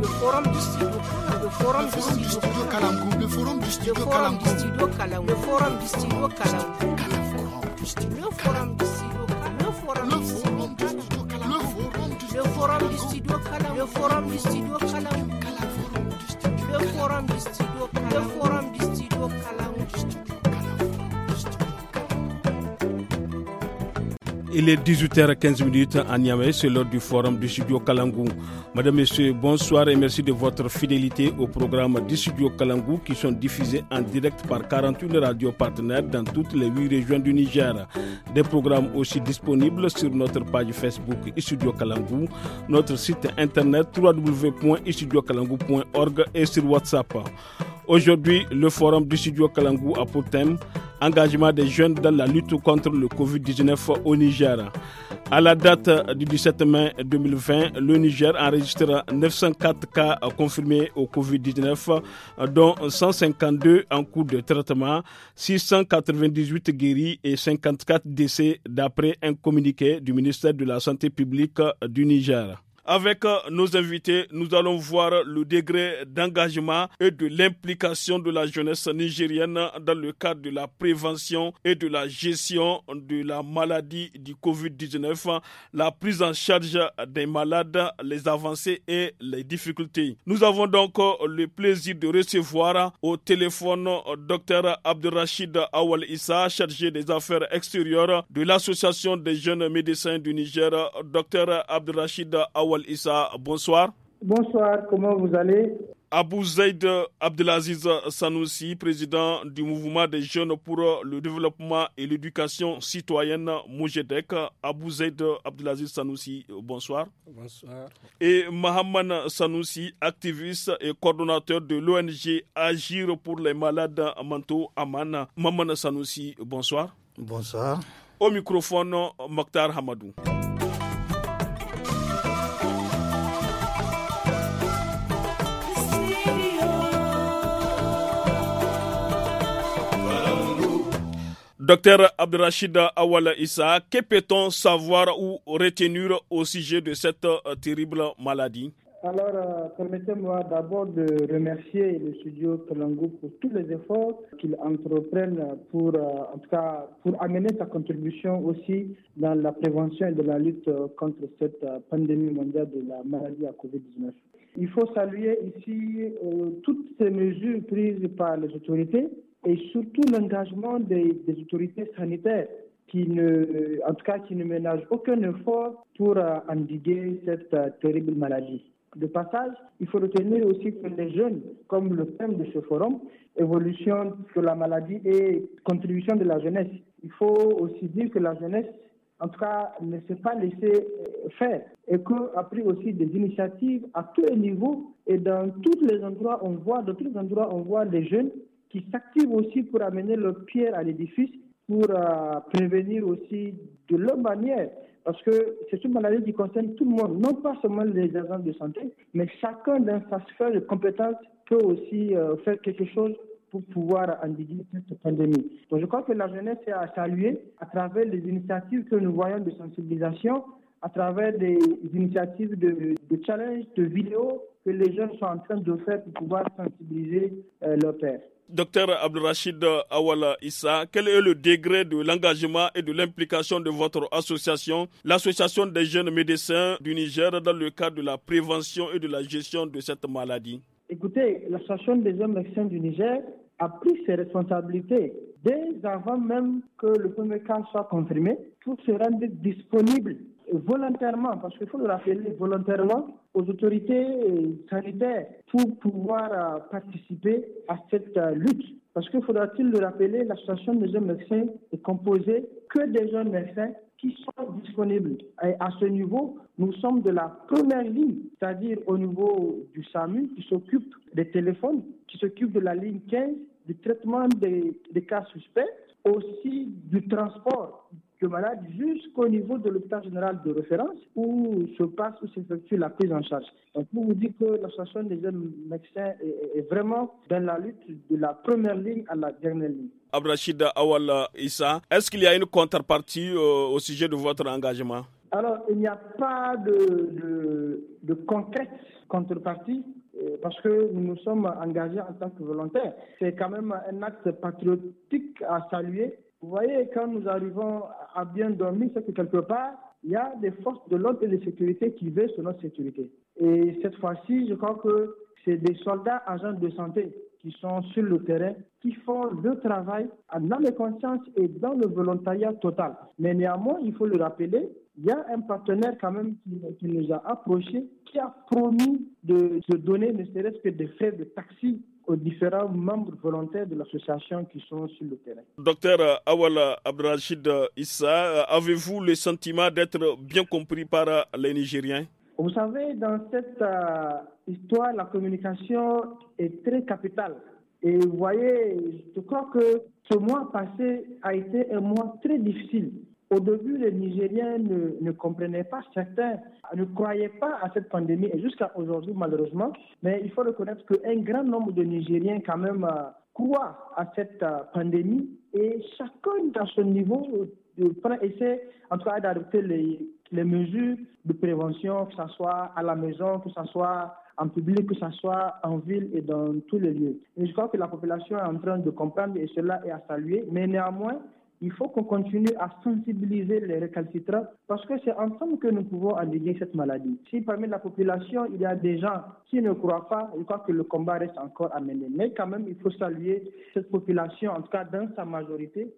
le forum du studio le forum du studio le forum du studio le forum le forum le forum du forum du forum du studio le forum le forum le forum Il est 18h15 à Niamey, c'est l'heure du forum du studio Kalangou. Madame, Messieurs, bonsoir et merci de votre fidélité au programme du studio Kalangou qui sont diffusés en direct par 41 radios partenaires dans toutes les 8 régions du Niger. Des programmes aussi disponibles sur notre page Facebook Studio Kalangou, notre site internet www.studiokalangou.org et sur WhatsApp. Aujourd'hui, le forum du studio Kalangou a pour thème Engagement des jeunes dans la lutte contre le Covid-19 au Niger. À la date du 17 mai 2020, le Niger enregistre 904 cas confirmés au Covid-19, dont 152 en cours de traitement, 698 guéris et 54 décès d'après un communiqué du ministère de la Santé publique du Niger. Avec euh, nos invités, nous allons voir le degré d'engagement et de l'implication de la jeunesse nigérienne dans le cadre de la prévention et de la gestion de la maladie du Covid-19, la prise en charge des malades, les avancées et les difficultés. Nous avons donc euh, le plaisir de recevoir au téléphone euh, Dr Abdelrachid Awal Issa, chargé des affaires extérieures de l'Association des jeunes médecins du Niger. Dr Abdelrachid Awal Issa, bonsoir. Bonsoir, comment vous allez Abou Zaid Abdelaziz Sanoussi, président du mouvement des jeunes pour le développement et l'éducation citoyenne Moujedek. Abou Zaid Abdelaziz Sanoussi, bonsoir. Bonsoir. Et Mohamed Sanoussi, activiste et coordonnateur de l'ONG Agir pour les malades mentaux aman Mohamed Sanoussi, bonsoir. Bonsoir. Au microphone, Mokhtar Hamadou. Docteur Abdelrachid awala Issa, que peut-on savoir ou retenir au sujet de cette euh, terrible maladie alors, euh, permettez-moi d'abord de remercier le studio Kalangu pour tous les efforts qu'il entreprennent pour, euh, pour amener sa contribution aussi dans la prévention et de la lutte contre cette pandémie mondiale de la maladie à COVID-19. Il faut saluer ici toutes ces mesures prises par les autorités et surtout l'engagement des, autorités sanitaires qui ne, en tout cas, qui ne ménagent aucun effort pour euh, endiguer cette euh, terrible maladie. De passage, il faut retenir aussi que les jeunes, comme le thème de ce forum, évolution de la maladie et contribution de la jeunesse. Il faut aussi dire que la jeunesse, en tout cas, ne s'est pas laissée euh, faire et qu'elle a pris aussi des initiatives à tous les niveaux et dans tous les endroits, on voit, dans tous les endroits, on voit les jeunes qui s'activent aussi pour amener leur pierre à l'édifice, pour euh, prévenir aussi de leur manière. Parce que c'est une maladie qui concerne tout le monde, non pas seulement les agents de santé, mais chacun dans sa sphère de compétences peut aussi euh, faire quelque chose pour pouvoir endiguer cette pandémie. Donc je crois que la jeunesse est à saluer à travers les initiatives que nous voyons de sensibilisation, à travers des initiatives de, challenge, de vidéos que les jeunes sont en train de faire pour pouvoir sensibiliser euh, leur leurs Docteur Abdelrachid Awala Issa, quel est le degré de l'engagement et de l'implication de votre association, l'association des jeunes médecins du Niger, dans le cadre de la prévention et de la gestion de cette maladie Écoutez, l'association des jeunes médecins du Niger a pris ses responsabilités dès avant même que le premier cas soit confirmé Tout se rendre disponible volontairement, parce qu'il faut le rappeler, volontairement aux autorités euh, sanitaires pour pouvoir euh, participer à cette euh, lutte. Parce qu'il faudra-t-il le rappeler, l'association des jeunes médecins est composée que des jeunes médecins qui sont disponibles. Et à ce niveau, nous sommes de la première ligne, c'est-à-dire au niveau du SAMU qui s'occupe des téléphones, qui s'occupe de la ligne 15, du traitement des, des cas suspects, aussi du transport le malade jusqu'au niveau de l'hôpital général de référence où se passe, où s'effectue la prise en charge. Donc, pour vous dire que l'association des jeunes médecins est, vraiment dans la lutte de la première ligne à la dernière ligne. Abrachida Awal Issa, est-ce qu'il y a une contrepartie euh, au sujet de votre engagement Alors, il n'y a pas de, de, de concrète contrepartie euh, parce que nous nous sommes engagés en tant que volontaires. C'est quand même un acte patriotique à saluer vous voyez, quand nous arrivons à bien dormir, c'est que quelque part, il y a des forces de l'ordre et de sécurité qui veillent sur notre sécurité. Et cette fois-ci, je crois que c'est des soldats agents de santé qui sont sur le terrain, qui font le travail dans les consciences et dans le volontariat total. Mais néanmoins, il faut le rappeler, il y a un partenaire quand même qui, nous a approchés, qui a promis de se donner ne serait-ce que de faire de taxi aux différents membres volontaires de l'association qui sont sur le terrain. Docteur Awala Abdrachid Issa, avez-vous le sentiment d'être bien compris par les Nigériens Vous savez, dans cette euh, histoire, la communication est très capitale. Et vous voyez, je crois que ce mois passé a été un mois très difficile au début, les Nigériens ne, comprenaient pas, certains ne croyaient pas à cette pandémie et jusqu'à aujourd'hui, malheureusement. Mais il faut reconnaître qu'un grand nombre de Nigériens, quand même, euh, croient à cette euh, pandémie et chacun, dans son niveau, euh, essaie en tout cas d'adopter les, mesures de prévention, que ce soit à la maison, que ce soit en public, que ce soit en ville et dans tous les lieux. je crois que la population est en train de comprendre et cela est à saluer, mais néanmoins, il faut qu'on continue à sensibiliser les récalcitrants parce que c'est ensemble que nous pouvons endiguer cette maladie. Si parmi la population, il y a des gens qui ne croient pas, je crois que le combat reste encore à mener. Mais quand même, il faut saluer cette population, en tout cas dans sa majorité,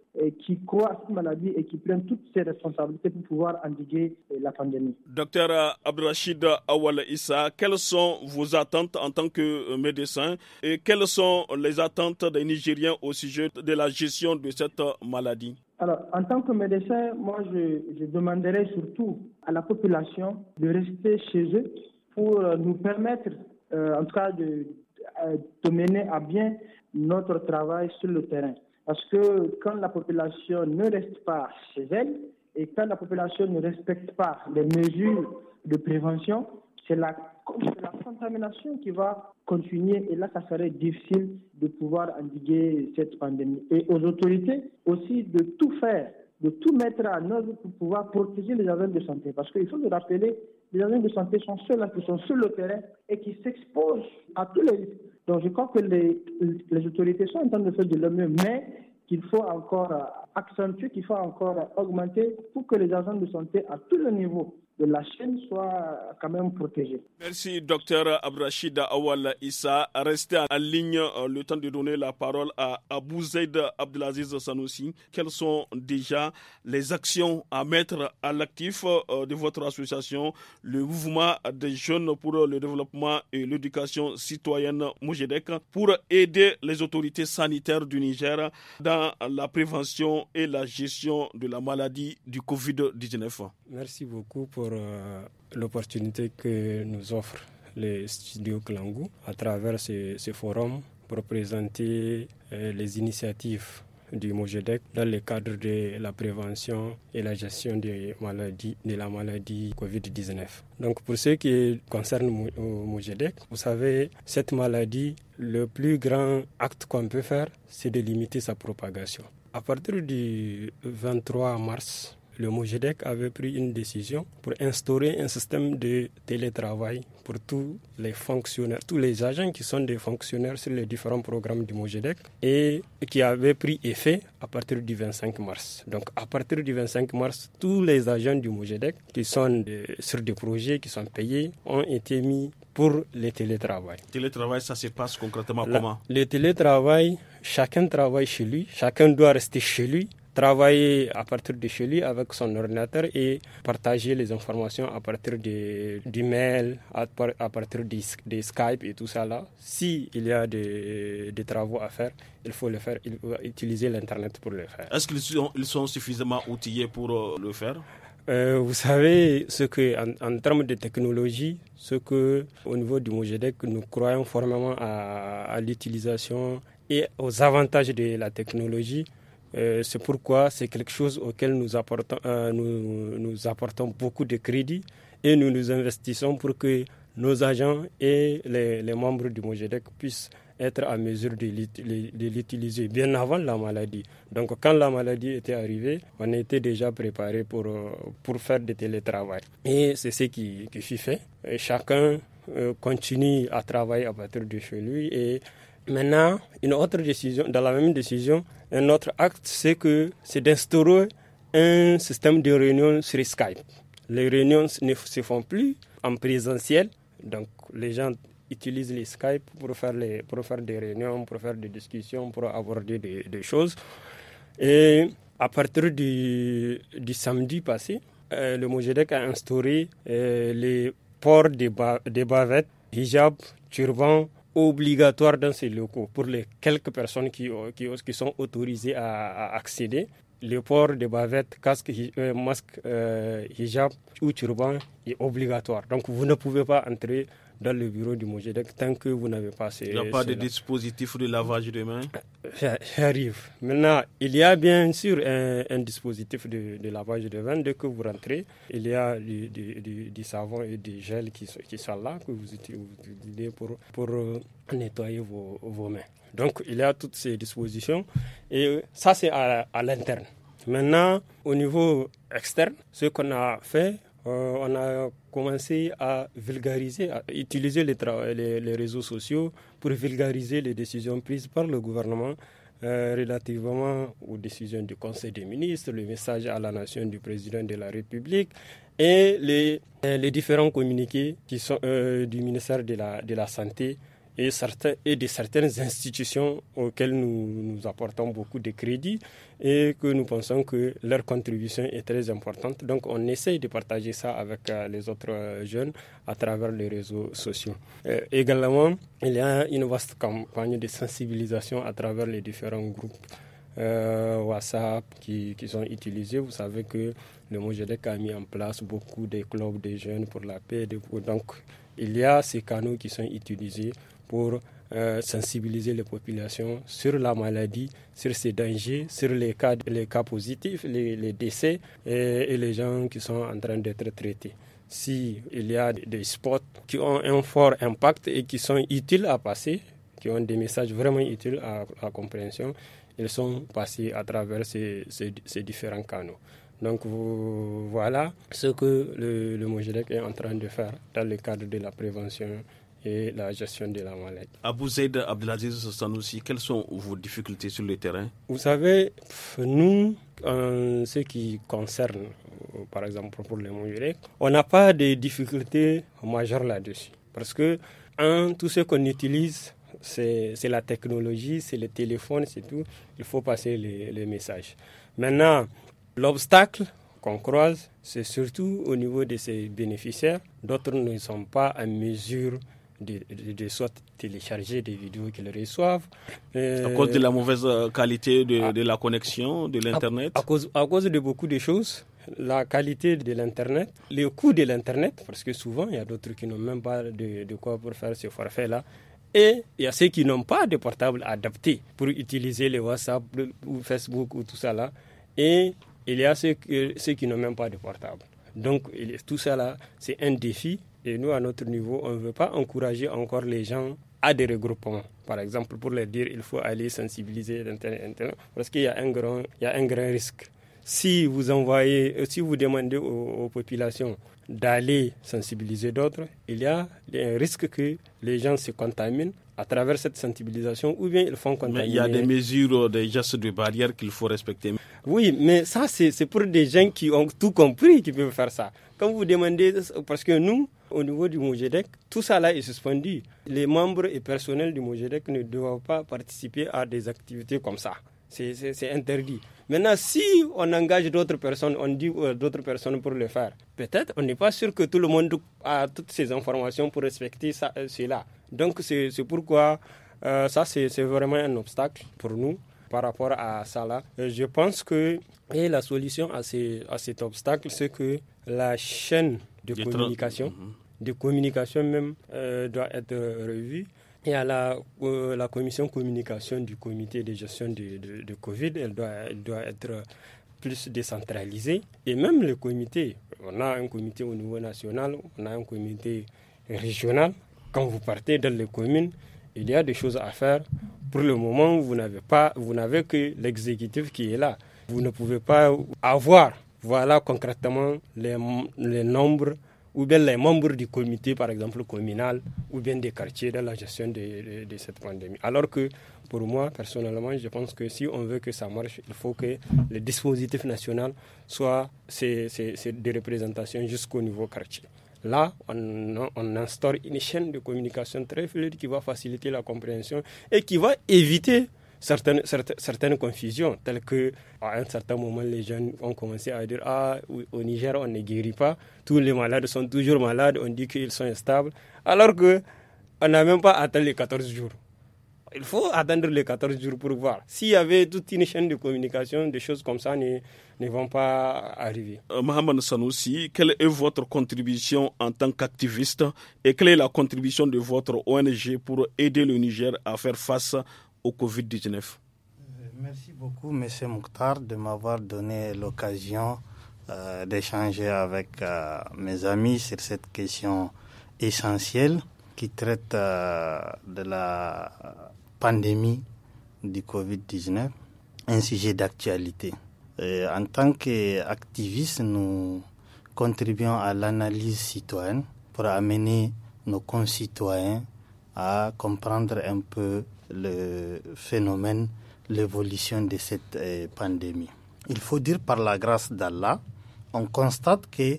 qui croit à cette maladie et qui prend toutes ses responsabilités pour pouvoir endiguer euh, la pandémie. Docteur Abdrachid Awal Issa, quelles sont vos attentes en tant que euh, médecin et quelles sont les attentes des Nigériens au sujet de la gestion de cette euh, maladie? Alors, en tant que médecin, moi, je, je demanderais surtout à la population de rester chez eux pour euh, nous permettre, euh, en tout cas, de, euh, de mener à bien notre travail sur le terrain. Parce que quand la population ne reste pas chez elle et quand la population ne respecte pas les mesures de prévention, c'est la c'est la contamination qui va continuer, et là, ça serait difficile de pouvoir endiguer cette pandémie. Et aux autorités aussi de tout faire, de tout mettre en œuvre pour pouvoir protéger les agents de santé. Parce qu'il faut le rappeler, les agents de santé sont ceux-là hein, qui sont sur le terrain et qui s'exposent à tous les risques. Donc je crois que les, les autorités sont en train de faire de leur mieux, mais qu'il faut encore euh, accentuer, qu'il faut encore augmenter pour que les agents de santé à tous les niveaux que la chaîne soit quand même protégée. Merci, docteur Abrachid Awal Issa. Restez en ligne euh, le temps de donner la parole à Abou Zaid Abdelaziz Sanoussi. Quelles sont déjà les actions à mettre à l'actif euh, de votre association, le mouvement des jeunes pour le développement et l'éducation citoyenne Mujedek, pour aider les autorités sanitaires du Niger dans la prévention et la gestion de la maladie du Covid-19 Merci beaucoup pour euh, l'opportunité que nous offrent les studios Klangou à travers ce, forum pour présenter euh, les initiatives du Mojedec dans le cadre de la prévention et la gestion des maladies, de la maladie Covid-19. Donc pour ce qui concerne euh, Mojedec, vous savez, cette maladie, le plus grand acte qu'on peut faire, c'est de limiter sa propagation. À partir du 23 mars, le MOGEDEC avait pris une décision pour instaurer un système de télétravail pour tous les fonctionnaires, tous les agents qui sont des fonctionnaires sur les différents programmes du MOGEDEC et qui avait pris effet à partir du 25 mars. Donc à partir du 25 mars, tous les agents du MOGEDEC qui sont sur des projets qui sont payés ont été mis pour le télétravail. Le Télétravail, ça se passe concrètement comment Le télétravail, chacun travaille chez lui, chacun doit rester chez lui travailler à partir de chez lui avec son ordinateur et partager les informations à partir de, du mail, à, partir des de Skype et tout ça là. S'il y a des, travaux à faire, il faut le faire, il faut utiliser l'Internet pour le faire. Est-ce qu'ils sont, ils sont suffisamment outillés pour euh, le faire euh, vous savez ce que, en, termes de technologie, ce que au niveau du Mojedec, nous croyons formellement à l'utilisation et aux avantages de la technologie. Euh, c'est pourquoi c'est quelque chose auquel nous apportons, euh, nous, nous apportons beaucoup de crédits et nous nous investissons pour que nos agents et les, les membres du Mojedec puissent être à mesure de l'utiliser bien avant la maladie. Donc quand la maladie était arrivée, on était déjà préparé pour, euh, pour faire du télétravail. Et c'est ce qui, qui fut fait. chacun continue à travailler à partir de chez lui et Maintenant, une autre décision, dans la même décision, un autre acte, c'est que c'est d'instaurer un système de réunion sur Skype. Les réunions ne se font plus en présentiel, donc les gens utilisent les Skype pour faire, les, pour faire des réunions, pour faire des discussions, pour aborder des, choses. Et à partir du, samedi passé, euh, le Mojedec a instauré euh, les ports des, des bavettes, hijab, turban, obligatoire dans ces locaux pour les quelques personnes qui, euh, qui, sont autorisées à, accéder. Le port de bavette, casque, euh, masque, euh, hijab ou turban est obligatoire. Donc vous ne pouvez pas entrer dans le bureau du Mojedec tant que vous n'avez pas ces. Il n'y a pas de dispositif de lavage de mains J'arrive. Maintenant, il y a bien sûr un, dispositif de, lavage de mains. Dès que vous rentrez, il y a du, savon et du gel qui, qui sont là, que vous utilisez pour, pour euh, nettoyer vos, mains. Donc, il y a toutes ces dispositions. Et euh, ça, c'est à l'interne. Maintenant, au niveau externe, ce qu'on a fait, euh, on a commencé à vulgariser, à utiliser les, réseaux sociaux pour vulgariser les décisions prises par le gouvernement euh, relativement aux décisions du Conseil des ministres, le message à la nation du président de la République et les, euh, différents communiqués qui sont, du ministère de la Santé et, de certaines institutions auxquelles nous, nous apportons beaucoup de crédits et que nous pensons que leur contribution est très importante. Donc on essaye de partager ça avec euh, les autres euh, jeunes à travers les réseaux sociaux. Euh, également, il y a une vaste campagne de sensibilisation à travers les différents groupes. WhatsApp qui, qui, sont utilisés. Vous savez que le Mojedec a mis en place beaucoup de clubs de jeunes pour la paix. Donc, il y a ces canaux qui sont utilisés pour euh, sensibiliser les populations sur la maladie, sur ses dangers, sur les cas, les cas positifs, les, décès et, les gens qui sont en train d'être traités s'il il y a des spots qui ont un fort impact et qui sont utiles à passer, qui ont des messages vraiment utiles à la compréhension, ils sont passés à travers ces, ces, différents canaux. Donc voilà ce que le, le est en train de faire dans le cadre de la prévention et la gestion de la maladie. Abou Zaid Abdelaziz aussi. quelles sont vos difficultés sur le terrain Vous savez, nous, en ce qui concerne, euh, par exemple, pour les Mongolais, on n'a pas de difficultés majeures là-dessus. Parce que, un, tout ce qu'on utilise, c'est la technologie, c'est le téléphone, c'est tout. Il faut passer les, les messages. Maintenant, l'obstacle qu'on croise, c'est surtout au niveau de ses bénéficiaires. D'autres ne sont pas en mesure de, soit télécharger des vidéos qu'ils reçoivent. Euh, à cause de la mauvaise euh, qualité de, la connexion, de l'Internet à, cause, à cause de beaucoup de choses. La qualité de l'Internet, le coût de l'Internet, parce que souvent, il y a d'autres qui n'ont même pas de, de quoi pour faire ce forfait-là. Et il y a ceux qui n'ont pas de portable adapté pour utiliser les WhatsApp ou Facebook ou tout ça là. Et il y a ceux qui n'ont même pas de portable. Donc tout ça là, c'est un défi et nous, à notre niveau, on ne veut pas encourager encore les gens à des regroupements. Par exemple, pour leur dire, il faut aller sensibiliser, parce qu'il y, a un grand, il y a un grand risque. Si vous envoyez, euh, si vous demandez aux, populations d'aller sensibiliser d'autres, il y a un risque que les gens se contaminent à travers cette sensibilisation ou bien ils font contaminer. Mais il y a des mesures, euh, des gestes de barrière qu'il faut respecter. Oui, mais ça, c'est pour des gens qui ont tout compris qui peuvent faire ça. Quand vous demandez, parce que nous, au niveau du Mojedec, tout ça là est suspendu. Les membres et personnels du Mojedec ne doivent pas participer à des activités comme ça. C'est interdit. Maintenant, si on engage d'autres personnes, on dit euh, d'autres personnes pour le faire, peut-être on n'est pas sûr que tout le monde a toutes ces informations pour respecter euh, cela. Donc, c'est pourquoi euh, ça, c'est vraiment un obstacle pour nous par rapport à ça. Là. Je pense que et la solution à, à cet obstacle, c'est que la chaîne de communication. Mhm de communication même euh, doit être euh, revue. Et à la, euh, la commission communication du comité de gestion de, de, Covid, elle doit, doit être plus décentralisée. Et même le comité, on a un comité au niveau national, on a un comité régional. Quand vous partez dans les communes, il y a des choses à faire. Pour le moment, vous n'avez pas, vous n'avez que l'exécutif qui est là. Vous ne pouvez pas avoir, voilà concrètement les, les nombres ou bien les membres du comité, par exemple, communal, ou bien des quartiers dans la gestion de, cette pandémie. Alors que, pour moi, personnellement, je pense que si on veut que ça marche, il faut que le dispositif national soit ces, ces, des représentations jusqu'au niveau quartier. Là, on, on, instaure une chaîne de communication très fluide qui va faciliter la compréhension et qui va éviter certaines, certaines, confusions, telles que à un certain moment, les jeunes ont commencé à dire Ah, au Niger, on ne guérit pas, tous les malades sont toujours malades, on dit qu'ils sont instables, alors que on n'a même pas atteint les 14 jours. Il faut attendre les 14 jours pour voir. S'il y avait toute une chaîne de communication, des choses comme ça ne, ne vont pas arriver. Euh, Mohamed Sanoussi, quelle est votre contribution en tant qu'activiste et quelle est la contribution de votre ONG pour aider le Niger à faire face au Covid-19 euh, Merci beaucoup, M. Mouktar, de m'avoir donné l'occasion euh, d'échanger avec euh, mes amis sur cette question essentielle qui traite de la pandémie du Covid-19, un sujet d'actualité. En tant qu'activistes, nous contribuons à l'analyse citoyenne pour amener nos concitoyens à comprendre un peu le phénomène, l'évolution de cette euh, pandémie. Il faut dire par la grâce d'Allah, on constate que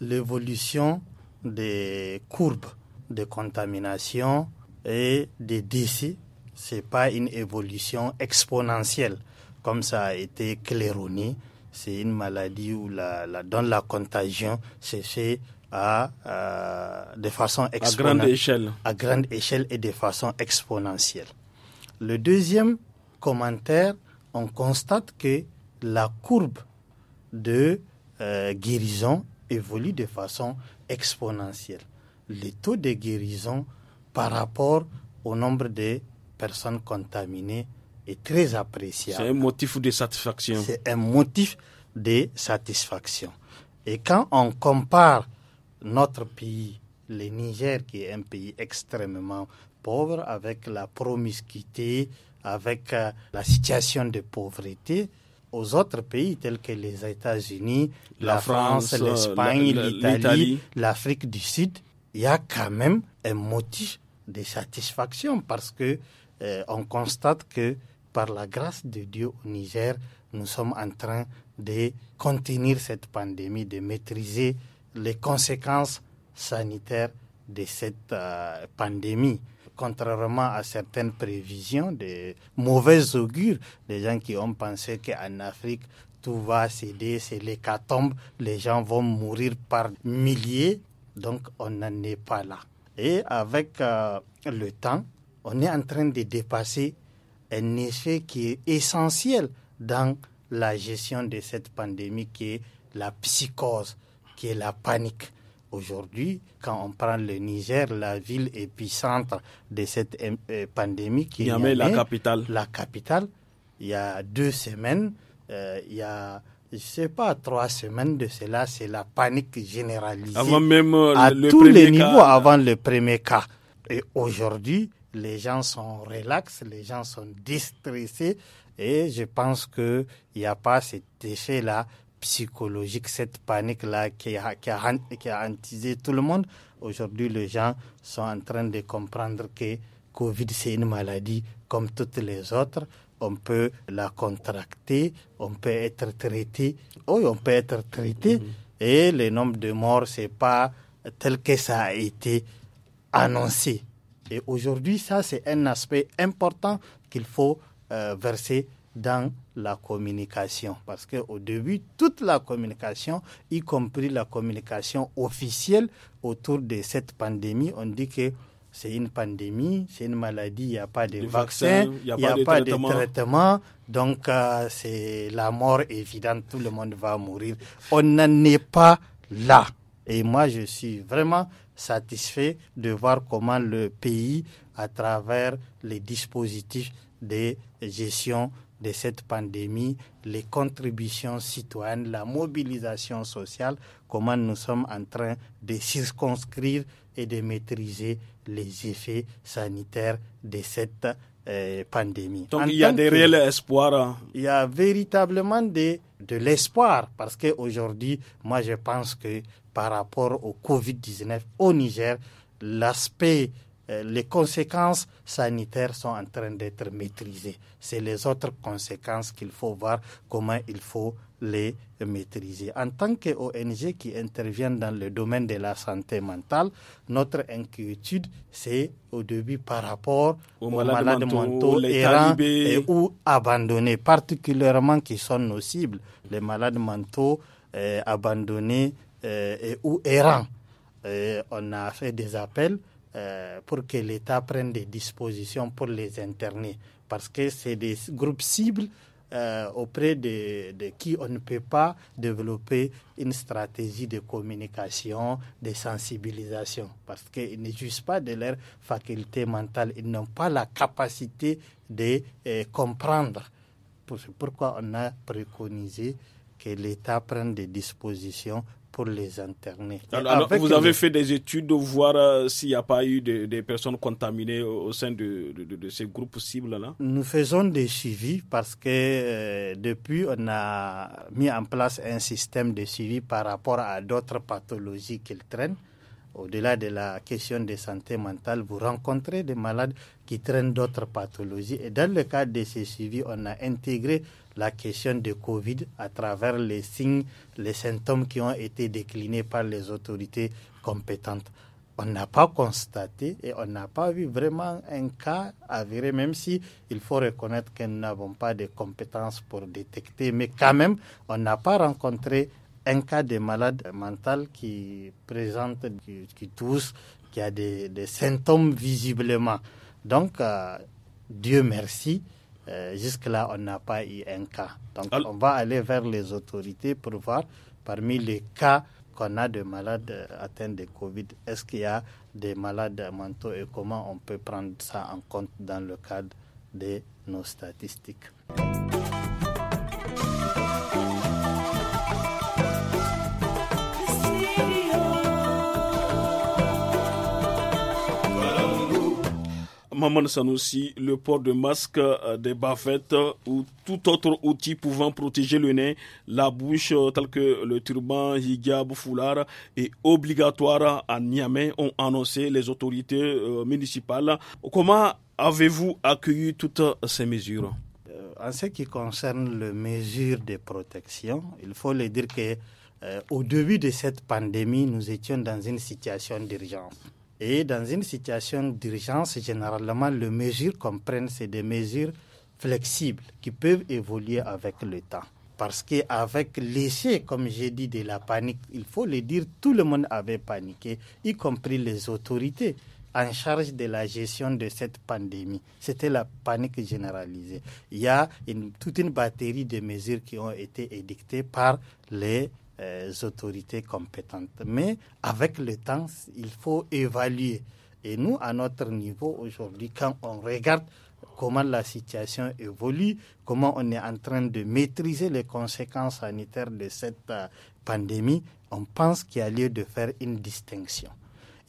l'évolution des courbes de contamination et des décès, ce n'est pas une évolution exponentielle comme ça a été claironné. C'est une maladie où la, la, la contagion se fait à, de façon exponentielle. À grande échelle. À grande échelle et de façon exponentielle. Le deuxième commentaire, on constate que la courbe de euh, guérison évolue de façon exponentielle. Le taux de guérison par rapport au nombre de personnes contaminées est très appréciable. C'est un motif de satisfaction. C'est un motif de satisfaction. Et quand on compare notre pays, le Niger, qui est un pays extrêmement pauvres, avec la promiscuité, avec euh, la situation de pauvreté aux autres pays tels que les États-Unis, la, France, l'Espagne, l'Italie, l'Afrique du Sud, il y a quand même un motif de satisfaction parce que euh, on constate que par la grâce de Dieu au Niger, nous sommes en train de contenir cette pandémie, de maîtriser les conséquences sanitaires de cette euh, pandémie contrairement à certaines prévisions, des mauvaises augures, des gens qui ont pensé qu'en Afrique, tout va céder, c'est l'hécatombe, les gens vont mourir par milliers. Donc, on n'en est pas là. Et avec euh, le temps, on est en train de dépasser un effet qui est essentiel dans la gestion de cette pandémie, qui est la psychose, qui est la panique. Aujourd'hui, quand on prend le Niger, la ville épicentre de cette euh, pandémie qui est la capitale. La capitale, il y a deux semaines, euh, il y a je sais pas, trois semaines de cela, c'est la panique généralisée. Avant même euh, à tous les niveaux, avant le premier cas. Et aujourd'hui, les gens sont relax, les gens sont distressés, et je pense qu'il n'y a pas cet effet-là psychologique, cette panique-là qui a, qui, a, hantisé tout le monde. Aujourd'hui, les gens sont en train de comprendre que Covid, c'est une maladie comme toutes les autres. On peut la contracter, on peut être traité. Oui, on peut être traité. Mm-hmm. Et le nombre de morts, n'est pas tel que ça a été annoncé. Et aujourd'hui, ça, c'est un aspect important qu'il faut euh, verser dans la communication. Parce qu'au début, toute la communication, y compris la communication officielle autour de cette pandémie, on dit que c'est une pandémie, c'est une maladie, il n'y a pas de vaccin, il n'y a, pas, donc euh, c'est la mort évidente, tout le monde va mourir. On n'en est pas là. Et moi, je suis vraiment satisfait de voir comment le pays, à travers les dispositifs de gestion de cette pandémie, les contributions citoyennes, la mobilisation sociale, comment nous sommes en train de circonscrire et de maîtriser les effets sanitaires de cette euh, pandémie. Donc il y a des réels espoirs. Hein. Il y a véritablement des, de l'espoir parce qu'aujourd'hui, moi je pense que par rapport au Covid-19 au Niger, l'aspect euh, les conséquences sanitaires sont en train d'être maîtrisées. C'est les autres conséquences qu'il faut voir comment il faut les maîtriser. En tant qu'ONG qui intervient dans le domaine de la santé mentale, notre inquiétude, c'est au début par rapport aux, malades, mentaux, errants et ou abandonnés, particulièrement qui sont nos cibles, les malades mentaux euh, abandonnés euh, et, ou errants. on a fait des appels euh, pour que l'État prenne des dispositions pour les interner, parce que c'est des groupes cibles euh, auprès de, qui on ne peut pas développer une stratégie de communication, de sensibilisation, parce qu'ils ne pas de leur faculté mentale, ils n'ont pas la capacité de euh, comprendre. C'est pourquoi on a préconisé que l'État prenne des dispositions pour les interner. Alors, vous avez fait des études, pour voir euh, s'il n'y a pas eu des personnes contaminées au, sein de, ces groupes cibles-là Nous faisons des suivis parce que euh, depuis, on a mis en place un système de suivi par rapport à d'autres pathologies qu'ils traînent. Au-delà de la question de santé mentale, vous rencontrez des malades qui traînent d'autres pathologies. Et dans le cadre de ces suivis, on a intégré la question de Covid à travers les signes, les symptômes qui ont été déclinés par les autorités compétentes. On n'a pas constaté et on n'a pas vu vraiment un cas avéré, même si il faut reconnaître que nous n'avons pas de compétences pour détecter, mais quand même, on n'a pas rencontré un cas de malade mental qui présente, qui, qui qui a des, symptômes visiblement. Donc, euh, Dieu merci, euh, jusque-là, on n'a pas eu un cas. Donc, on va aller vers les autorités pour voir parmi les cas qu'on a de malades euh, atteints de Covid, est-ce qu'il y a des malades mentaux et comment on peut prendre ça en compte dans le cadre de nos statistiques. Maman aussi le port de masque, euh, des bavettes euh, ou tout autre outil pouvant protéger le nez, la bouche, euh, tel que le turban, hijab, foulard, est obligatoire à Niamey, ont annoncé les autorités municipales. Comment avez-vous accueilli toutes ces mesures En ce qui concerne les mesures de protection, il faut le dire qu'au au début de cette pandémie, nous étions dans une situation d'urgence et dans une situation d'urgence, généralement, les mesures qu'on prenne, c'est des mesures flexibles qui peuvent évoluer avec le temps. Parce qu'avec l'essai, comme j'ai dit, de la panique, il faut le dire, tout le monde avait paniqué, y compris les autorités en charge de la gestion de cette pandémie. C'était la panique généralisée. Il y a une, toute une batterie de mesures qui ont été édictées par les euh, autorités compétentes. Mais avec le temps, il faut évaluer. Et nous, à notre niveau aujourd'hui, quand on regarde comment la situation évolue, comment on est en train de maîtriser les conséquences sanitaires de cette euh, pandémie, on pense qu'il y a lieu de faire une distinction.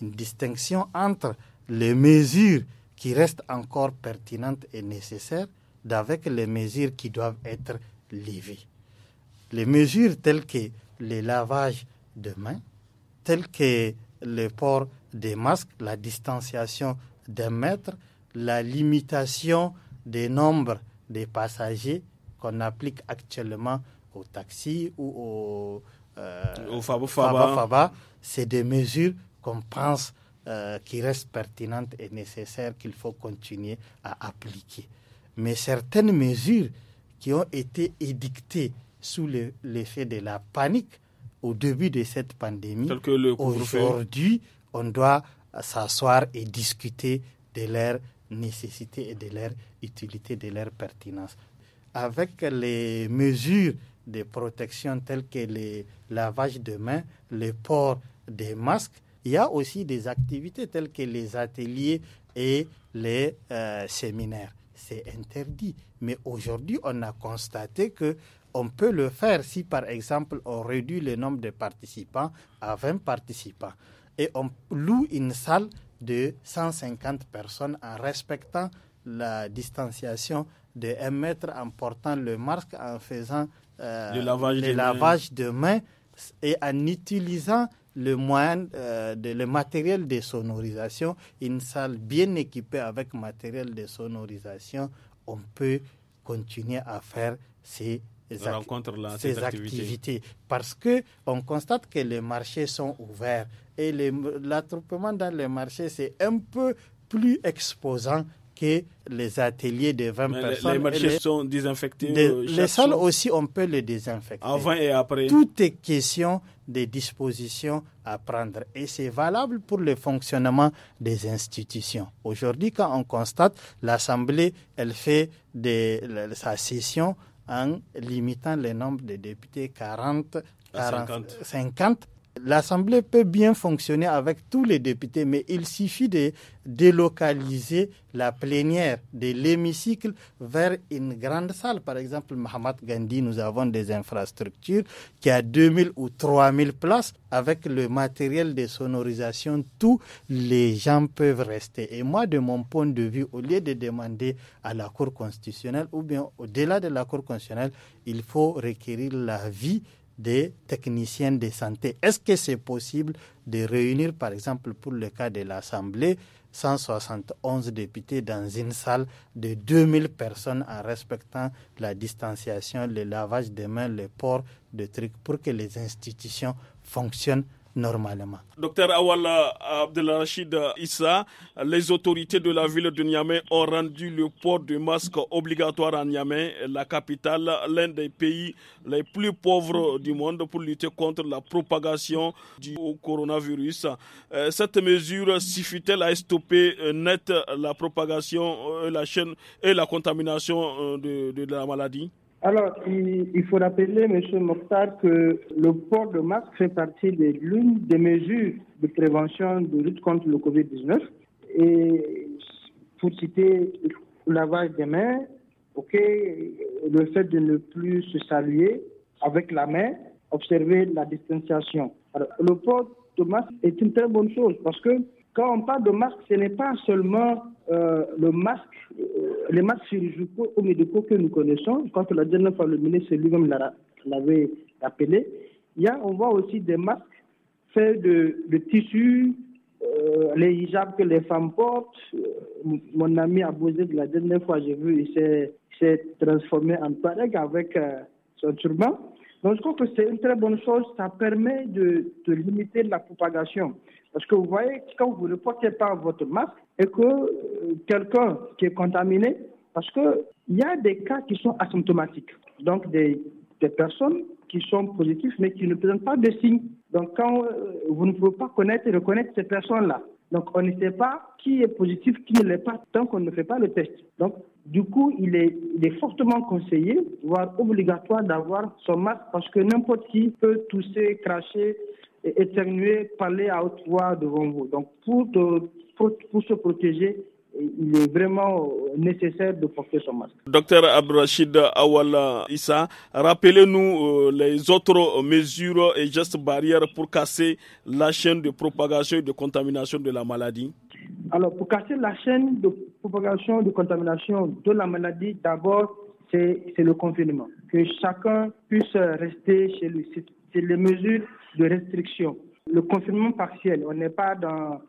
Une distinction entre les mesures qui restent encore pertinentes et nécessaires d'avec les mesures qui doivent être levées. Les mesures telles que les lavages de mains, tels que le port des masques, la distanciation d'un mètre, la limitation des nombres des passagers qu'on applique actuellement au taxi ou au euh, Faba, c'est des mesures qu'on pense euh, qui restent pertinentes et nécessaires qu'il faut continuer à appliquer. Mais certaines mesures qui ont été édictées sous l'effet de la panique au début de cette pandémie. Aujourd'hui, on doit s'asseoir et discuter de leur nécessité et de leur utilité, de leur pertinence. Avec les mesures de protection telles que le lavage de mains, le port des masques, il y a aussi des activités telles que les ateliers et les euh, séminaires. C'est interdit. Mais aujourd'hui, on a constaté que on peut le faire si, par exemple, on réduit le nombre de participants à 20 participants et on loue une salle de 150 personnes en respectant la distanciation de 1 mètre, en portant le masque, en faisant euh, le lavage, de, main. mains et en utilisant le moyen, euh, de, le matériel de sonorisation, une salle bien équipée avec matériel de sonorisation, on peut continuer à faire ces ces, ces activités. Parce que on constate que les marchés sont ouverts et l'attroupement dans les marchés, c'est un peu plus exposant que les ateliers de 20 personnes. Les, marchés sont désinfectés. Euh, les salles aussi, on peut les désinfecter. Avant et après. Tout est question des dispositions à prendre. Et c'est valable pour le fonctionnement des institutions. Aujourd'hui, quand on constate, l'Assemblée, elle fait des, sa session en limitant le nombre de députés 40, à 40 50. 50 L'Assemblée peut bien fonctionner avec tous les députés, mais il suffit de délocaliser la plénière de l'hémicycle vers une grande salle. Par exemple, Mahamat Gandhi, nous avons des infrastructures qui a 2000 ou 3000 places avec le matériel de sonorisation. Tous les gens peuvent rester. Et moi, de mon point de vue, au lieu de demander à la Cour constitutionnelle ou bien au-delà de la Cour constitutionnelle, il faut requérir l'avis des techniciens de santé. Est-ce que c'est possible de réunir, par exemple, pour le cas de l'Assemblée, 171 députés dans une salle de 2000 personnes en respectant la distanciation, le lavage des mains, le port de trucs pour que les institutions fonctionnent normalement. Docteur Awala euh, Abdelrachid Issa, les autorités de la ville de Niamey ont rendu le port du masque obligatoire à Niamey, la capitale, l'un des pays les plus pauvres du monde pour lutter contre la propagation du coronavirus. Euh, cette mesure suffit-elle à stopper euh, net la propagation, la chaîne et la contamination de la maladie alors, il, faut rappeler, M. Mokhtar, que le port de masque fait partie de l'une des mesures de prévention de lutte contre le Covid-19. Et pour citer le lavage des mains, ok, le fait de ne plus se saluer avec la main, observer la distanciation. Alors, le port de masque est une très bonne chose parce que quand on parle de masque, ce n'est pas seulement euh, le masque euh, les masques chirurgicaux ou médicaux que nous connaissons, Quand la dernière fois le ministre lui-même l'avait appelé, il y a, on voit aussi des masques faits de, de tissus, euh, les hijabs que les femmes portent. Euh, mon ami a posé de la dernière fois, j'ai vu, il s'est transformé en Touareg avec son turban. Donc je crois que c'est une très bonne chose, ça permet de, de, limiter la propagation. Parce que vous voyez, quand vous ne portez pas votre masque et que euh, quelqu'un qui est contaminé, parce qu'il y a des cas qui sont asymptomatiques, donc des, des personnes qui sont positives mais qui ne présentent pas de signes. Donc quand euh, vous ne pouvez pas connaître et reconnaître ces personnes-là, donc on ne sait pas qui est positif, qui ne l'est pas, tant qu'on ne fait pas le test. Donc du coup, il est, fortement conseillé, voire obligatoire d'avoir son masque parce que n'importe qui peut tousser, cracher, éternuer, parler à haute voix devant vous. Donc, pour, se protéger, il est vraiment nécessaire de porter son masque. Docteur Abrachid Awala Issa, rappelez-nous euh, les autres mesures et gestes barrières pour casser la chaîne de propagation et de contamination de la maladie. Alors, pour casser la chaîne de propagation, de contamination de la maladie, d'abord, c'est le confinement. Que chacun puisse rester chez lui. C'est les mesures de restriction. Le confinement partiel, on n'est pas dans,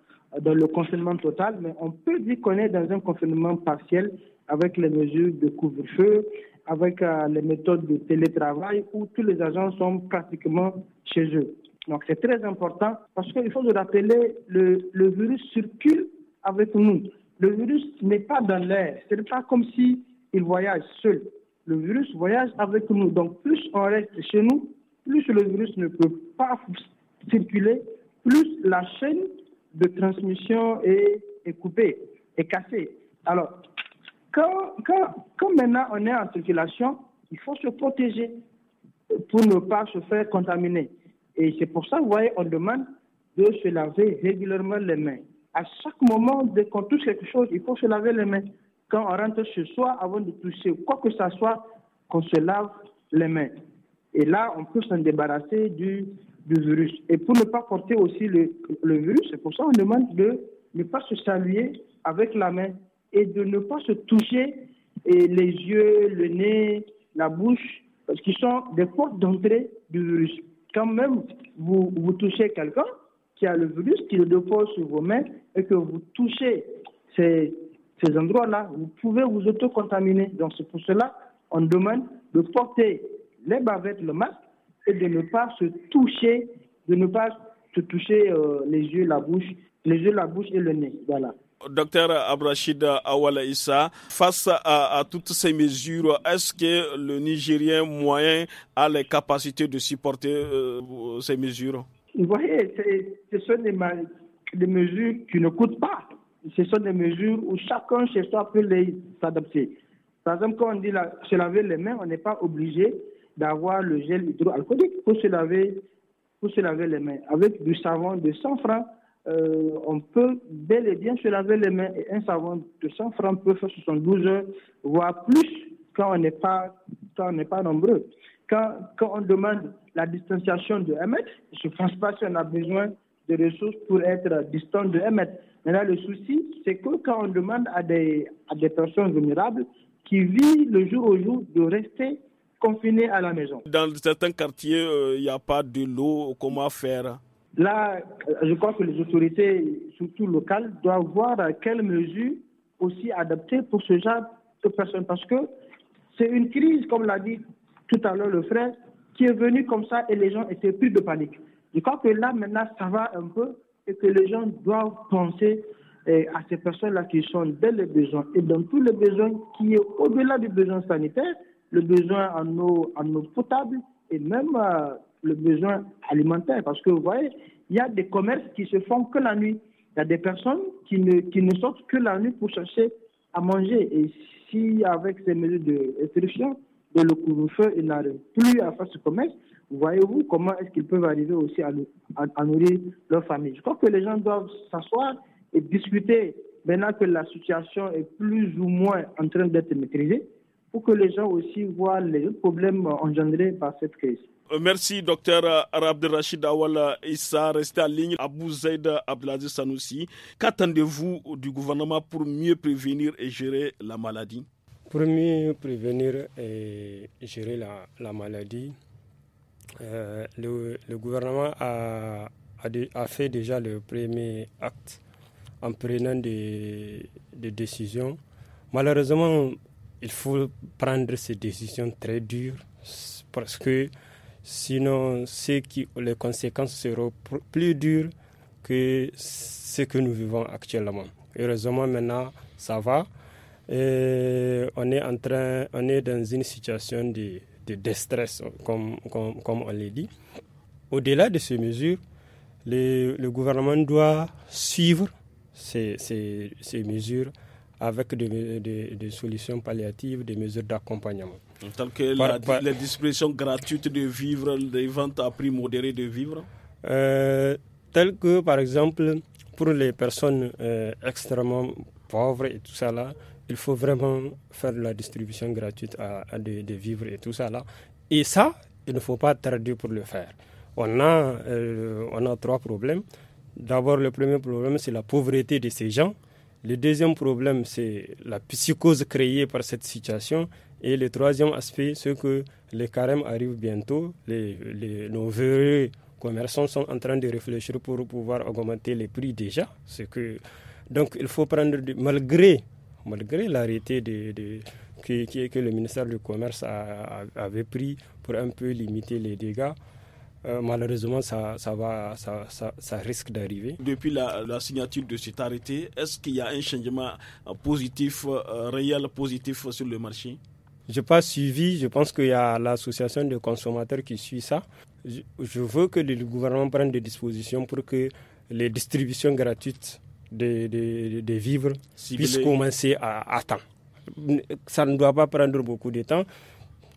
le confinement total, mais on peut dire qu'on est dans un confinement partiel avec les mesures de couvre-feu, avec euh, les méthodes de télétravail où tous les agents sont pratiquement chez eux. Donc c'est très important parce qu'il faut se rappeler, le, virus circule avec nous. Le virus n'est pas dans l'air. Ce n'est pas comme s'il voyage seul. Le virus voyage avec nous. Donc plus on reste chez nous, plus le virus ne peut pas circuler, plus la chaîne de transmission est, coupée, est cassée. Alors, quand, quand maintenant on est en circulation, il faut se protéger pour ne pas se faire contaminer. Et c'est pour ça, vous voyez, on demande de se laver régulièrement les mains. À chaque moment, dès qu'on touche quelque chose, il faut se laver les mains. Quand on rentre chez soi, avant de toucher quoi que ce soit, qu'on se lave les mains. Et là, on peut s'en débarrasser du, virus. Et pour ne pas porter aussi le, le virus, c'est pour ça qu'on demande de ne pas se saluer avec la main et de ne pas se toucher les yeux, le nez, la bouche, parce qu'ils sont des portes d'entrée du virus quand même vous, touchez quelqu'un qui a le virus, qui le dépose sur vos mains et que vous touchez ces, endroits-là, vous pouvez vous auto-contaminer. Donc c'est pour cela on demande de porter les bavettes, le masque et de ne pas se toucher, de ne pas se toucher euh, les yeux, la bouche, les yeux, la bouche et le nez. Voilà docteur Abrachid Awala Issa, face à, toutes ces mesures, est-ce que le Nigérien moyen a les capacités de supporter euh, ces mesures Vous voyez, ce sont des, mesures qui ne coûtent pas. Ce sont des mesures où chacun chez soi peut s'adapter. Par exemple, quand on dit se laver les mains, on n'est pas obligé d'avoir le gel hydroalcoolique pour se laver, pour se laver les mains. Avec du savon de 100 francs, euh, on peut bel et bien se laver les mains et un savon de 100 francs peut faire 72 heures, voire plus quand on n'est pas, quand on pas nombreux. Quand, quand, on demande la distanciation de 1 mètre, je ne pense pas si on a besoin de ressources pour être distant de 1 mètre. là, le souci, c'est que quand on demande à des, à des personnes vulnérables qui vivent le jour au jour de rester confinées à la maison. Dans certains quartiers, euh, il n'y a pas de l'eau, comment faire Là, je crois que les autorités, surtout locales, doivent voir quelles mesures aussi adapter pour ce genre de personnes. Parce que c'est une crise, comme l'a dit tout à l'heure le frère, qui est venue comme ça et les gens étaient plus de panique. Je crois que là, maintenant, ça va un peu et que les gens doivent penser eh, à ces personnes-là qui sont dans les besoins et dans tous les besoins qui est au-delà du besoin sanitaire, le besoin en eau, en potable et même euh, le besoin alimentaire. Parce que vous voyez, il y a des commerces qui se font que la nuit. Il y a des personnes qui ne, qui ne sortent que la nuit pour chercher à manger. Et si, avec ces mesures de restriction, de le couvre-feu, ils n'arrivent plus à faire ce commerce, voyez-vous comment est-ce qu'ils peuvent arriver aussi à, à, nourrir leur famille. Je crois que les gens doivent s'asseoir et discuter maintenant que la situation est plus ou moins en train d'être maîtrisée pour que les gens aussi voient les problèmes engendrés par cette crise. Euh, merci, docteur euh, Arabd Rachid Awal euh, Issa. Restez en ligne. Abou Zaid Abdelaziz Sanoussi, qu'attendez-vous du gouvernement pour mieux prévenir et gérer la maladie Pour mieux prévenir et gérer la, maladie, le, gouvernement a, fait déjà le premier acte en prenant des, des décisions. Malheureusement, il faut prendre ces décisions très dures parce que Sinon, qui, les conséquences seront plus dures que ce que nous vivons actuellement. Heureusement, maintenant, ça va. on est en train, on est dans une situation de, de comme, comme, comme on l'a dit. Au-delà de ces mesures, le, gouvernement doit suivre ces, ces, mesures avec des, des, des solutions palliatives, des mesures d'accompagnement. Telles que la, distribution gratuite de vivres, les ventes à prix modéré de vivres euh, que, par exemple, pour les personnes euh, extrêmement pauvres et tout ça là, il faut vraiment faire la distribution gratuite à, de vivres et tout ça là. Et ça, il ne faut pas tarder pour le faire. On a, euh, on a trois problèmes. D'abord, le premier problème, c'est la pauvreté de ces gens. Le deuxième problème, c'est la psychose créée par cette situation. Et le troisième aspect, c'est que les carèmes arrivent bientôt. Les, nos vrais commerçants sont en train de réfléchir pour pouvoir augmenter les prix déjà. Que, donc il faut prendre, malgré, malgré l'arrêté de, que, le ministère du Commerce avait pris pour un peu limiter les dégâts, euh, malheureusement, ça, ça, va, ça, ça, risque d'arriver. Depuis la, signature de cet arrêté, est-ce qu'il y a un changement positif, euh, réel, positif sur le marché je n'ai pas suivi, je pense qu'il y a l'association de consommateurs qui suit ça. Je veux que le gouvernement prenne des dispositions pour que les distributions gratuites des vivres puissent commencer à, temps. Ça ne doit pas prendre beaucoup de temps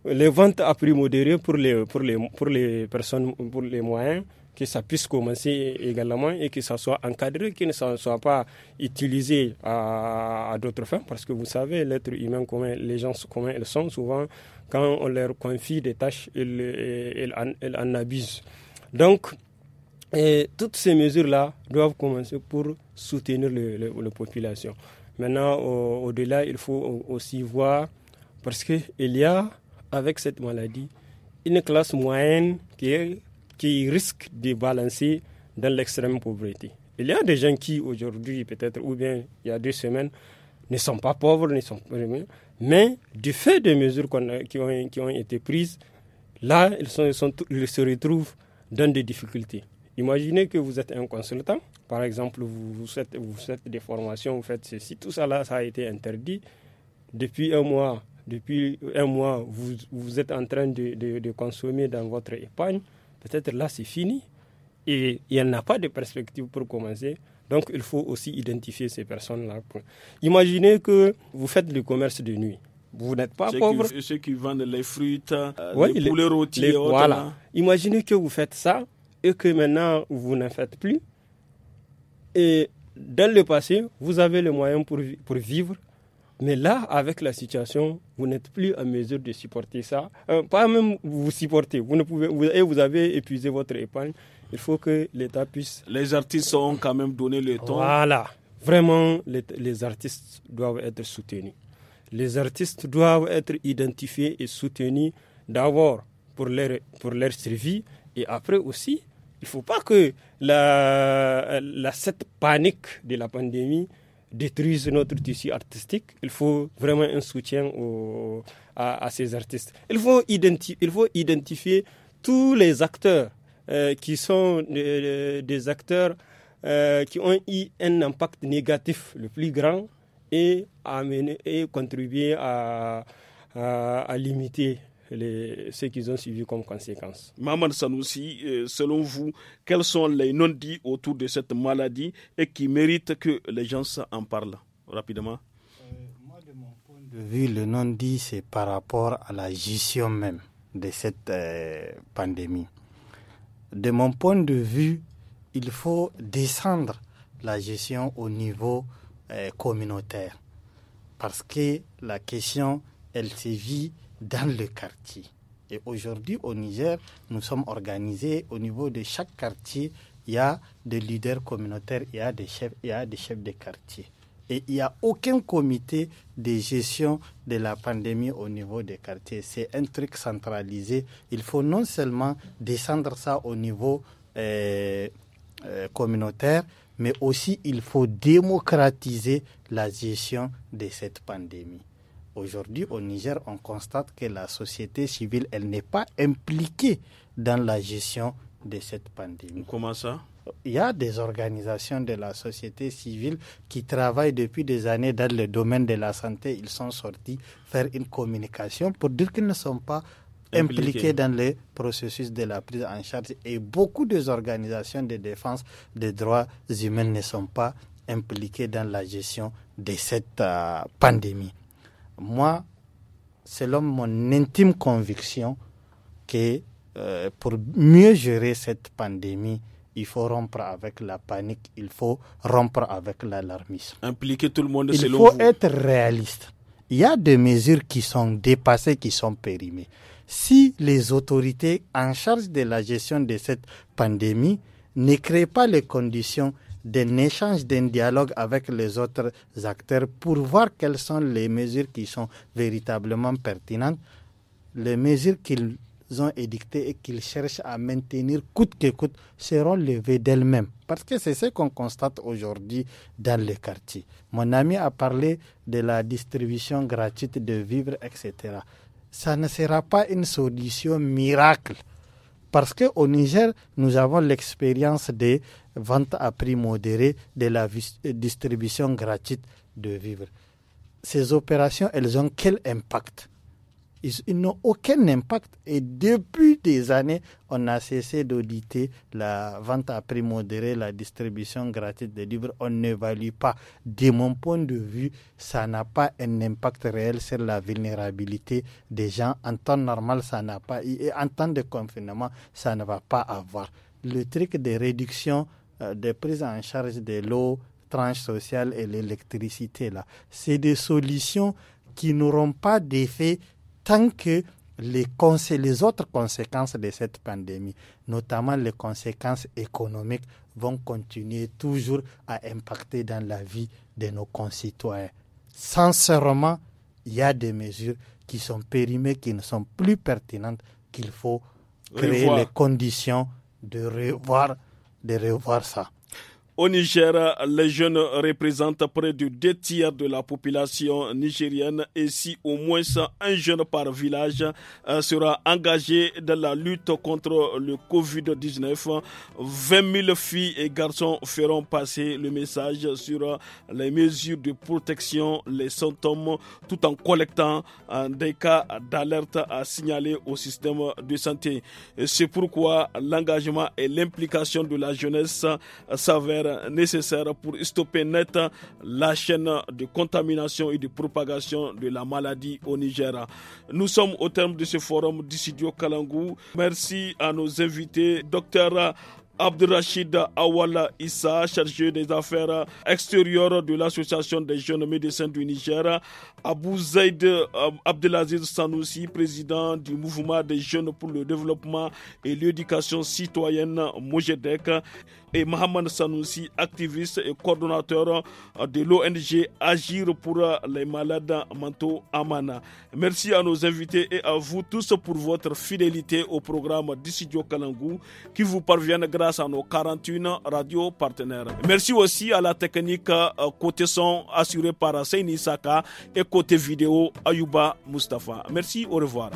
les ventes à prix modéré pour les, pour les, pour les personnes, pour les moyens, que ça puisse commencer également et que ça soit encadré, que ne soit pas utilisé à, d'autres fins, parce que vous savez, l'être humain commun, les gens communs, ils sont souvent, quand on leur confie des tâches, ils, euh, en, abusent. Donc, toutes ces mesures-là doivent commencer pour soutenir le, la population. Maintenant, au-delà, il faut aussi voir, parce qu'il y a, avec cette maladie, une classe moyenne qui est qui risquent de balancer dans l'extrême pauvreté. Il y a des gens qui aujourd'hui, peut-être, ou bien il y a deux semaines, ne sont pas pauvres, ne sont mais du fait des mesures qui, ont, été prises, là, ils, sont, se retrouvent dans des difficultés. Imaginez que vous êtes un consultant, par exemple, vous, faites, des formations, vous faites ceci, tout ça là, ça a été interdit. Depuis un mois, depuis un mois, vous, êtes en train de, de consommer dans votre épargne peut-être là c'est fini et il n'y a pas de perspective pour commencer. Donc il faut aussi identifier ces personnes-là. Imaginez que vous faites le commerce de nuit. Vous n'êtes pas pauvre. ceux qui vendent les fruits, euh, les poulets voilà. Imaginez que vous faites ça et que maintenant vous n'en faites plus. Et dans le passé, vous avez les moyens pour, pour vivre mais là, avec la situation, vous n'êtes plus en mesure de supporter ça. Euh, pas même vous supporter, Vous ne pouvez, vous, et vous avez épuisé votre épargne. Il faut que l'État puisse. Les artistes ont quand même donné le temps. Voilà. Vraiment, les, artistes doivent être soutenus. Les artistes doivent être identifiés et soutenus d'abord pour leur, pour leur survie et après aussi il ne faut pas que la, cette panique de la pandémie détruisent notre tissu artistique. Il faut vraiment un soutien à, ces artistes. Il faut, identifier tous les acteurs euh, qui sont euh, des acteurs euh, qui ont eu un impact négatif le plus grand et, amener, et contribuer à, à limiter ce qu'ils ont suivi comme conséquence. Maman Sanoussi, euh, selon vous, quels sont les non-dits autour de cette maladie et qui méritent que les gens en parlent rapidement euh, Moi, de mon point de vue, le non-dit, c'est par rapport à la gestion même de cette euh, pandémie. De mon point de vue, il faut descendre la gestion au niveau communautaire parce que la question, elle se vit dans le quartier. Et aujourd'hui, au Niger, nous sommes organisés au niveau de chaque quartier. Il y a des leaders communautaires, il y a des chefs, il y a des chefs de quartier. Et il n'y a aucun comité de gestion de la pandémie au niveau des quartiers. C'est un truc centralisé. Il faut non seulement descendre ça au niveau euh, euh, communautaire, mais aussi il faut démocratiser la gestion de cette pandémie. Aujourd'hui, au Niger, on constate que la société civile, elle n'est pas impliquée dans la gestion de cette pandémie. Comment ça il y a des organisations de la société civile qui travaillent depuis des années dans le domaine de la santé. Ils sont sortis faire une communication pour dire qu'ils ne sont pas impliqués, dans le processus de la prise en charge. Et beaucoup des organisations de défense des droits humains ne sont pas impliquées dans la gestion de cette euh, pandémie moi, selon mon intime conviction, que euh, pour mieux gérer cette pandémie, il faut rompre avec la panique, il faut rompre avec l'alarmisme. Impliquer tout le monde il faut être réaliste. Il y a des mesures qui sont dépassées, qui sont périmées. Si les autorités en charge de la gestion de cette pandémie ne créent pas les conditions d'un échange, d'un dialogue avec les autres acteurs pour voir quelles sont les mesures qui sont véritablement pertinentes, les mesures qu'ils ont édictées et qu'ils cherchent à maintenir coûte que coûte seront levées d'elles-mêmes. Parce que c'est ce qu'on constate aujourd'hui dans les quartiers. Mon ami a parlé de la distribution gratuite de vivres, etc. Ça ne sera pas une solution miracle parce qu'au Niger, nous avons l'expérience des ventes à prix modéré, de la distribution gratuite de vivres. Ces opérations, elles ont quel impact ils, n'ont aucun impact. Et depuis des années, on a cessé d'auditer la vente à prix modéré, la distribution gratuite des livres. On n'évalue pas. De mon point de vue, ça n'a pas un impact réel sur la vulnérabilité des gens. En temps normal, ça n'a pas. Et en temps de confinement, ça ne va pas avoir. Le truc de réduction euh, de prise en charge de l'eau, tranche sociale et l'électricité, là, c'est des solutions qui n'auront pas d'effet tant que les, les autres conséquences de cette pandémie, notamment les conséquences économiques, vont continuer toujours à impacter dans la vie de nos concitoyens. Sincèrement, il y a des mesures qui sont périmées, qui ne sont plus pertinentes, qu'il faut créer les conditions de revoir, de revoir ça. Au Niger, les jeunes représentent près de deux tiers de la population nigérienne et si au moins un jeune par village euh, sera engagé dans la lutte contre le Covid-19, 20 000 filles et garçons feront passer le message sur les mesures de protection, les symptômes, tout en collectant euh, des cas d'alerte à signaler au système de santé. C'est pourquoi l'engagement et l'implication de la jeunesse euh, s'avèrent nécessaires pour stopper net la chaîne de contamination et de propagation de la maladie au Niger. Nous sommes au terme de ce forum d'Issidio Kalangou. Merci à nos invités, docteur Abdelrachid Awala Issa, chargé des affaires extérieures de l'Association des jeunes médecins du Niger, Abou Zaid euh, Abdelaziz Sanoussi, président du mouvement des jeunes pour le développement et l'éducation citoyenne Mojedec, et Mohamed Sanoussi, activiste et coordonnateur de l'ONG Agir pour les malades mentaux Amana. Merci à nos invités et à vous tous pour votre fidélité au programme d'Issidio Kalangou qui vous parvient grâce à nos 41 radios partenaires. Merci aussi à la technique euh, côté son assurée par Seini Saka et côté vidéo Ayuba Mustafa. Merci, au revoir.